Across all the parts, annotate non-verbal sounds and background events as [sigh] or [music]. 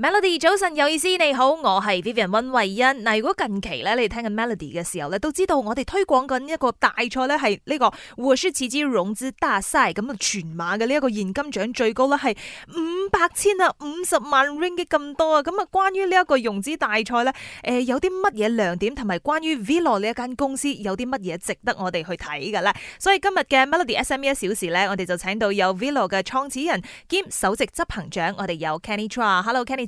Melody 早晨有意思你好，我係 Vivian 溫慧欣。嗱，如果近期咧，你聽緊 Melody 嘅時候咧，都知道我哋推廣緊一個大賽咧、這個，係呢個華商次之融資大賽。咁 [noise] 啊樂，全馬嘅呢一個現金獎最高咧係五百千啊，五十萬 ringgit 咁多啊。咁啊，關於呢一個融資大賽咧，誒、呃，有啲乜嘢亮點同埋關於 Vlo 呢一間公司有啲乜嘢值得我哋去睇㗎喇？所以今日嘅 Melody SME 一小時咧，我哋就請到有 Vlo 嘅創始人兼首席執行長，我哋有 Canny Tra。Hello，Canny。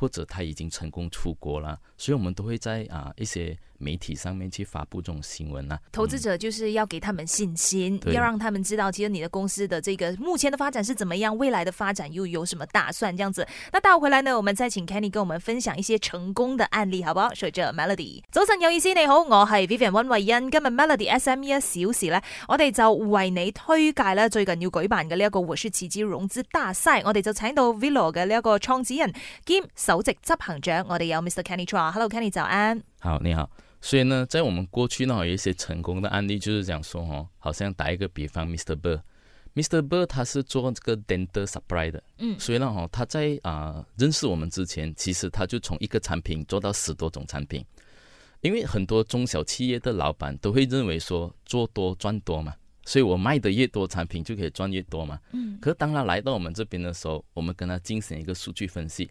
或者他已經成功出國了，所以我們都會在啊一些媒體上面去發布這種新聞啦。投資者就是要給他們信心，嗯、要讓他們知道，其實你的公司的這個目前的發展是怎麼樣，未來的發展又有什麼打算這樣子。那倒回來呢，我們再請 Kenny 跟我們分享一些成功的案例，好不好？隨着 Melody，早晨有意思，你好，我係 Vivian 温慧欣今日 Melody SME 一小時呢，我哋就為你推介咧最近要舉辦嘅呢一個我係奇蹟融資大賽，我哋就請到 Villa 嘅呢一個創始人首席執行長，我哋有 Mr. Kenny Chua。Hello，Kenny，早安。好，你好。所以呢，在我們過去呢，有一些成功的案例，就是講說，哦，好像打一個比方，Mr. Burr，Mr. Burr，他是做這個 dental supplier。嗯，所以呢，哦，他在啊、呃、認識我們之前，其實他就從一個產品做到十多種產品。因為很多中小企業的老闆都會認為說，做多賺多嘛，所以我賣得越多產品就可以賺越多嘛。嗯，可是當他來到我們這邊的時候，我們跟他進行一個數據分析。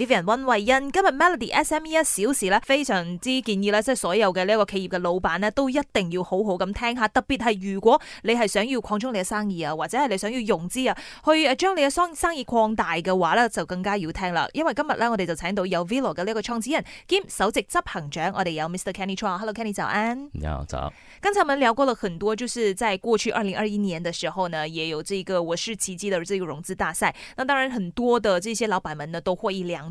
溫慧欣今日 Melody SME 一小時咧，非常之建議咧，即係所有嘅呢一個企業嘅老闆咧，都一定要好好咁聽下。特別係如果你係想要擴充你嘅生意啊，或者係你想要融資啊，去誒將你嘅商生意擴大嘅話咧，就更加要聽啦。因為今日呢，我哋就請到有 Velo 嘅呢一個創始人兼首席執行長，我哋有 Mr Kenny Chan。Hello Kenny，早安。你好，早。剛才我們聊過了很多，就是在過去二零二一年嘅時候呢，也有這個我是奇蹟的這個融資大賽。那當然，很多的這些老闆們呢，都獲益良。